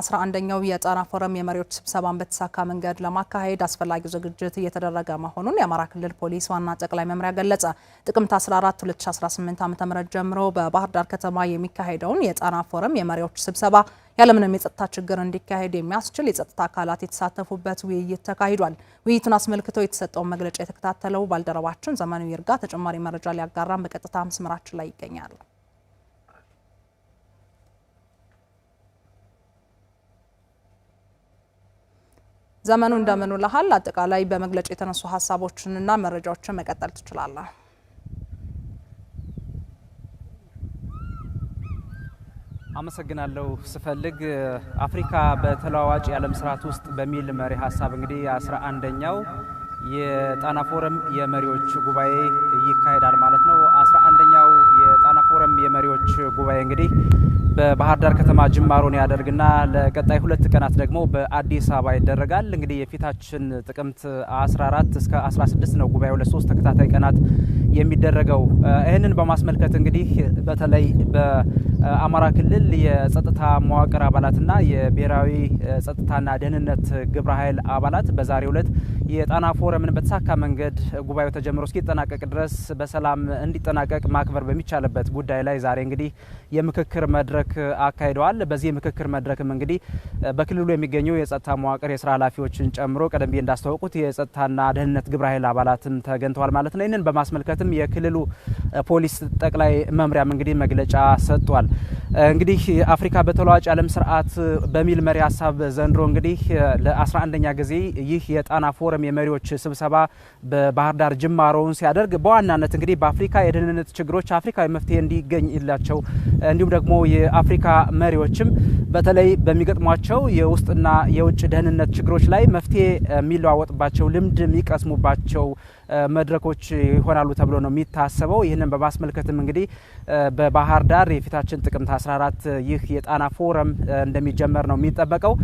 አስራ አንደኛው የጣና ፎረም የመሪዎች ስብሰባን በተሳካ መንገድ ለማካሄድ አስፈላጊው ዝግጅት እየተደረገ መሆኑን የአማራ ክልል ፖሊስ ዋና ጠቅላይ መምሪያ ገለጸ። ጥቅምት 14 2018 ዓ ም ጀምሮ በባህር ዳር ከተማ የሚካሄደውን የጣና ፎረም የመሪዎች ስብሰባ ያለምንም የጸጥታ ችግር እንዲካሄድ የሚያስችል የጸጥታ አካላት የተሳተፉበት ውይይት ተካሂዷል። ውይይቱን አስመልክቶ የተሰጠውን መግለጫ የተከታተለው ባልደረባችን ዘመኑ ይርጋ ተጨማሪ መረጃ ሊያጋራም በቀጥታ መስመራችን ላይ ይገኛል። ዘመኑ እንደምን ውለሃል? አጠቃላይ በመግለጫ የተነሱ ሀሳቦችንና መረጃዎችን መቀጠል ትችላለህ። አመሰግናለሁ ስፈልግ አፍሪካ በተለዋዋጭ የዓለም ስርዓት ውስጥ በሚል መሪ ሀሳብ እንግዲህ አስራ አንደኛው የጣና ፎረም የመሪዎች ጉባኤ ይካሄዳል ማለት ነው። የፎረም የመሪዎች ጉባኤ እንግዲህ በባህር ዳር ከተማ ጅማሮን ያደርግና ለቀጣይ ሁለት ቀናት ደግሞ በአዲስ አበባ ይደረጋል። እንግዲህ የፊታችን ጥቅምት 14 እስከ 16 ነው ጉባኤው ለሶስት ተከታታይ ቀናት የሚደረገው። ይህንን በማስመልከት እንግዲህ በተለይ አማራ ክልል የጸጥታ መዋቅር አባላትና የብሔራዊ ጸጥታና ደህንነት ግብረ ኃይል አባላት በዛሬው ዕለት የጣና ፎረምን በተሳካ መንገድ ጉባኤው ተጀምሮ እስኪጠናቀቅ ድረስ በሰላም እንዲጠናቀቅ ማክበር በሚቻልበት ጉዳይ ላይ ዛሬ እንግዲህ የምክክር መድረክ አካሂደዋል። በዚህ የምክክር መድረክም እንግዲህ በክልሉ የሚገኙ የጸጥታ መዋቅር የስራ ኃላፊዎችን ጨምሮ ቀደም ብዬ እንዳስታወቁት የጸጥታና ደህንነት ግብረ ኃይል አባላትም ተገኝተዋል ማለት ነው። ይህንን በማስመልከትም የክልሉ ፖሊስ ጠቅላይ መምሪያም እንግዲህ መግለጫ ሰጥቷል። እንግዲህ አፍሪካ በተለዋጭ ዓለም ስርዓት በሚል መሪ ሀሳብ ዘንድሮ እንግዲህ ለ11ኛ ጊዜ ይህ የጣና ፎረም የመሪዎች ስብሰባ በባህር ዳር ጅማሮውን ሲያደርግ በዋናነት እንግዲህ በአፍሪካ የደህንነት ችግሮች አፍሪካዊ መፍትሄ እንዲገኝላቸው እንዲሁም ደግሞ የአፍሪካ መሪዎችም በተለይ በሚገጥሟቸው የውስጥና የውጭ ደህንነት ችግሮች ላይ መፍትሄ የሚለዋወጥባቸው ልምድ የሚቀስሙባቸው መድረኮች ይሆናሉ ተብሎ ነው የሚታሰበው። ይህንን በማስመልከትም እንግዲህ በባህር ዳር የፊታችን ጥቅምት 14 ይህ የጣና ፎረም እንደሚጀመር ነው የሚጠበቀው።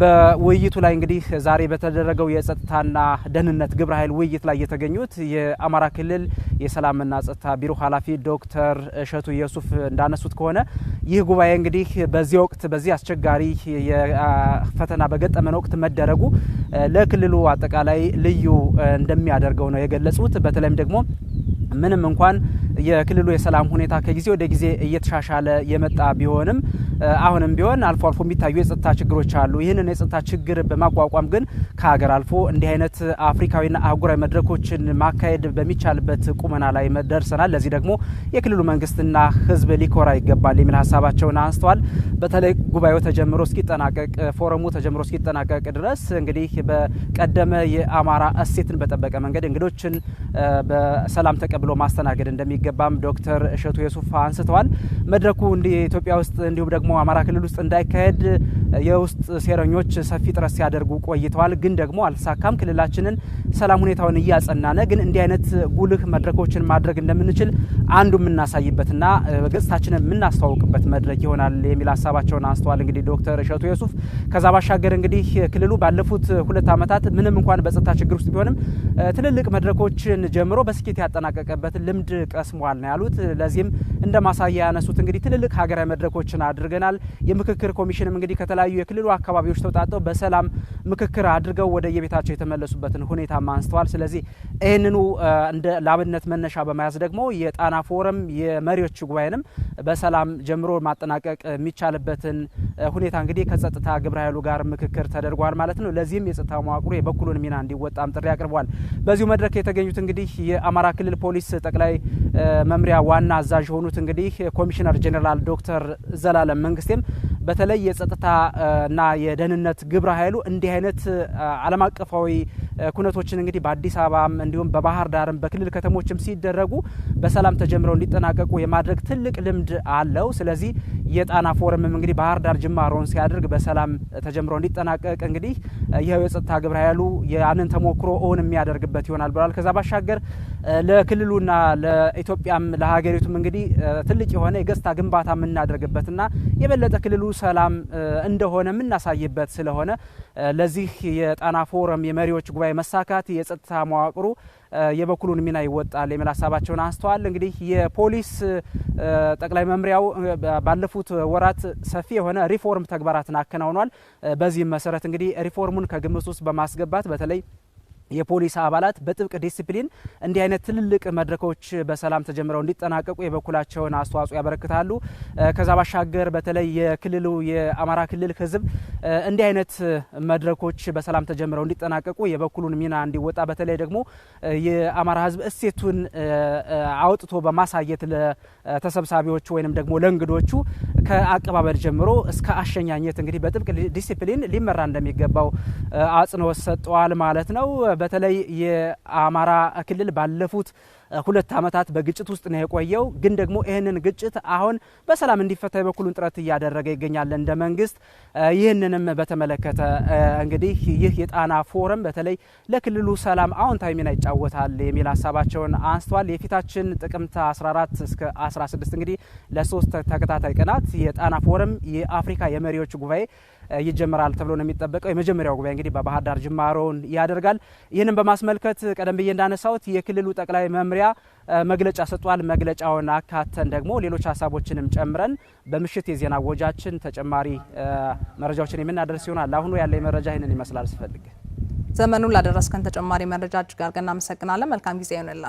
በውይይቱ ላይ እንግዲህ ዛሬ በተደረገው የጸጥታና ደህንነት ግብረ ኃይል ውይይት ላይ የተገኙት የአማራ ክልል የሰላምና ጸጥታ ቢሮ ኃላፊ ዶክተር እሸቱ የሱፍ እንዳነሱት ከሆነ ይህ ጉባኤ እንግዲህ በዚህ ወቅት በዚህ አስቸጋሪ የፈተና በገጠመን ወቅት መደረጉ ለክልሉ አጠቃላይ ልዩ እንደሚያደርገው ነው የገለጹት። በተለይም ደግሞ ምንም እንኳን የክልሉ የሰላም ሁኔታ ከጊዜ ወደ ጊዜ እየተሻሻለ የመጣ ቢሆንም አሁንም ቢሆን አልፎ አልፎ የሚታዩ የጸጥታ ችግሮች አሉ። ይህንን የጸጥታ ችግር በማቋቋም ግን ከሀገር አልፎ እንዲህ አይነት አፍሪካዊና አህጉራዊ መድረኮችን ማካሄድ በሚቻልበት ቁመና ላይ ደርሰናል። ለዚህ ደግሞ የክልሉ መንግስትና ህዝብ ሊኮራ ይገባል የሚል ሀሳባቸውን አንስተዋል። በተለይ ጉባኤው ተጀምሮ እስኪጠናቀቅ ፎረሙ ተጀምሮ እስኪጠናቀቅ ድረስ እንግዲህ በቀደመ የአማራ እሴትን በጠበቀ መንገድ እንግዶችን በሰላም ተቀብሎ ማስተናገድ እንደሚገባም ዶክተር እሸቱ የሱፍ አንስተዋል። መድረኩ ኢትዮጵያ ውስጥ እንዲሁም ደግሞ አማራ ክልል ውስጥ እንዳይካሄድ የውስጥ ሴረኞች ሰፊ ጥረት ሲያደርጉ ቆይተዋል። ግን ደግሞ አልተሳካም። ክልላችንን ሰላም ሁኔታውን እያጸናነ ግን እንዲህ አይነት ጉልህ መድረኮችን ማድረግ እንደምንችል አንዱ የምናሳይበትና ገጽታችንን የምናስተዋውቅበት መድረክ ይሆናል የሚል ሀሳባቸውን አንስተዋል። እንግዲህ ዶክተር እሸቱ የሱፍ ከዛ ባሻገር እንግዲህ ክልሉ ባለፉት ሁለት ዓመታት ምንም እንኳን በጸጥታ ችግር ውስጥ ቢሆንም ትልልቅ መድረኮችን ጀምሮ በስኬት ያጠናቀቀበት ልምድ ቀስሟል ነው ያሉት። ለዚህም እንደ ማሳያ ያነሱት እንግዲህ ትልልቅ ሀገራዊ መድረኮችን አድርገናል። የምክክር ኮሚሽንም እንግዲህ ከተለያዩ የክልሉ አካባቢዎች ተውጣጠው በሰላም ምክክር አድርገው ወደ የቤታቸው የተመለሱበትን ሁኔታም አንስተዋል። ስለዚህ ይህንኑ ላብነት መነሻ በመያዝ ደግሞ የጣና ፎረም የመሪዎች ጉባኤንም በሰላም ጀምሮ ማጠናቀቅ የሚቻልበትን ሁኔታ እንግዲህ ከጸጥታ ግብረ ኃይሉ ጋር ምክክር ተደርጓል ማለት ነው። ለዚህም የጸጥታ መዋቅሩ የበኩሉን ሚና እንዲወጣም ጥሪ አቅርቧል። በዚሁ መድረክ የተገኙት እንግዲህ የአማራ ክልል ፖሊስ ጠቅላይ መምሪያ ዋና አዛዥ የሆኑት እንግዲህ ኮሚሽነር ጄኔራል ዶክተር ዘላለም መንግስቴም በተለይ የጸጥታ እና የደህንነት ግብረ ኃይሉ እንዲህ አይነት ዓለም አቀፋዊ ኩነቶችን እንግዲህ በአዲስ አበባም እንዲሁም በባህር ዳርም በክልል ከተሞችም ሲደረጉ በሰላም ተጀምረው እንዲጠናቀቁ የማድረግ ትልቅ ልምድ አለው። ስለዚህ የጣና ፎረምም እንግዲህ ባህር ዳር ጅማሮውን ሲያደርግ በሰላም ተጀምሮ እንዲጠናቀቅ እንግዲህ ይኸው የጸጥታ ግብረ ኃይሉ ያንን ተሞክሮ እውን የሚያደርግበት ይሆናል ብለዋል። ከዛ ባሻገር ለክልሉና ለኢትዮጵያም ለሀገሪቱም እንግዲህ ትልቅ የሆነ የገጽታ ግንባታ የምናደርግበትና የበለጠ ክልሉ ሰላም እንደሆነ የምናሳይበት ስለሆነ ለዚህ የጣና ፎረም የመሪዎች ጉባኤ መሳካት የጸጥታ መዋቅሩ የበኩሉን ሚና ይወጣል የሚል ሀሳባቸውን አንስተዋል። እንግዲህ የፖሊስ ጠቅላይ መምሪያው ባለፉት ወራት ሰፊ የሆነ ሪፎርም ተግባራትን አከናውኗል። በዚህም መሰረት እንግዲህ ሪፎርሙን ከግምት ውስጥ በማስገባት በተለይ የፖሊስ አባላት በጥብቅ ዲሲፕሊን እንዲህ አይነት ትልልቅ መድረኮች በሰላም ተጀምረው እንዲጠናቀቁ የበኩላቸውን አስተዋጽኦ ያበረክታሉ። ከዛ ባሻገር በተለይ የክልሉ የአማራ ክልል ሕዝብ እንዲህ አይነት መድረኮች በሰላም ተጀምረው እንዲጠናቀቁ የበኩሉን ሚና እንዲወጣ በተለይ ደግሞ የአማራ ሕዝብ እሴቱን አውጥቶ በማሳየት ለተሰብሳቢዎቹ ወይንም ደግሞ ለእንግዶቹ ከአቀባበል ጀምሮ እስከ አሸኛኘት እንግዲህ በጥብቅ ዲሲፕሊን ሊመራ እንደሚገባው አጽንኦት ሰጠዋል ማለት ነው። በተለይ የአማራ ክልል ባለፉት ሁለት ዓመታት በግጭት ውስጥ ነው የቆየው። ግን ደግሞ ይህንን ግጭት አሁን በሰላም እንዲፈታ የበኩሉን ጥረት እያደረገ ይገኛል እንደ መንግስት። ይህንንም በተመለከተ እንግዲህ ይህ የጣና ፎረም በተለይ ለክልሉ ሰላም አዎንታዊ ሚና ይጫወታል የሚል ሀሳባቸውን አንስተዋል። የፊታችን ጥቅምት 14 እስከ 16 እንግዲህ ለሶስት ተከታታይ ቀናት የጣና ፎረም የአፍሪካ የመሪዎች ጉባኤ ይጀምራል ተብሎ ነው የሚጠበቀው። የመጀመሪያው ጉባኤ እንግዲህ በባህር ዳር ጅማሮውን ያደርጋል። ይህንን በማስመልከት ቀደም ብዬ እንዳነሳሁት የክልሉ ጠቅላይ መምሪያ ዙሪያ መግለጫ ሰጥቷል። መግለጫውን አካተን ደግሞ ሌሎች ሀሳቦችንም ጨምረን በምሽት የዜና ወጃችን ተጨማሪ መረጃዎችን የምናደርስ ይሆናል። አሁኑ ያለ መረጃ ይህንን ይመስላል። ስፈልግ ዘመኑን ላደረስከን ተጨማሪ መረጃ እጅግ አድርገን እናመሰግናለን። መልካም ጊዜ ይሆንላ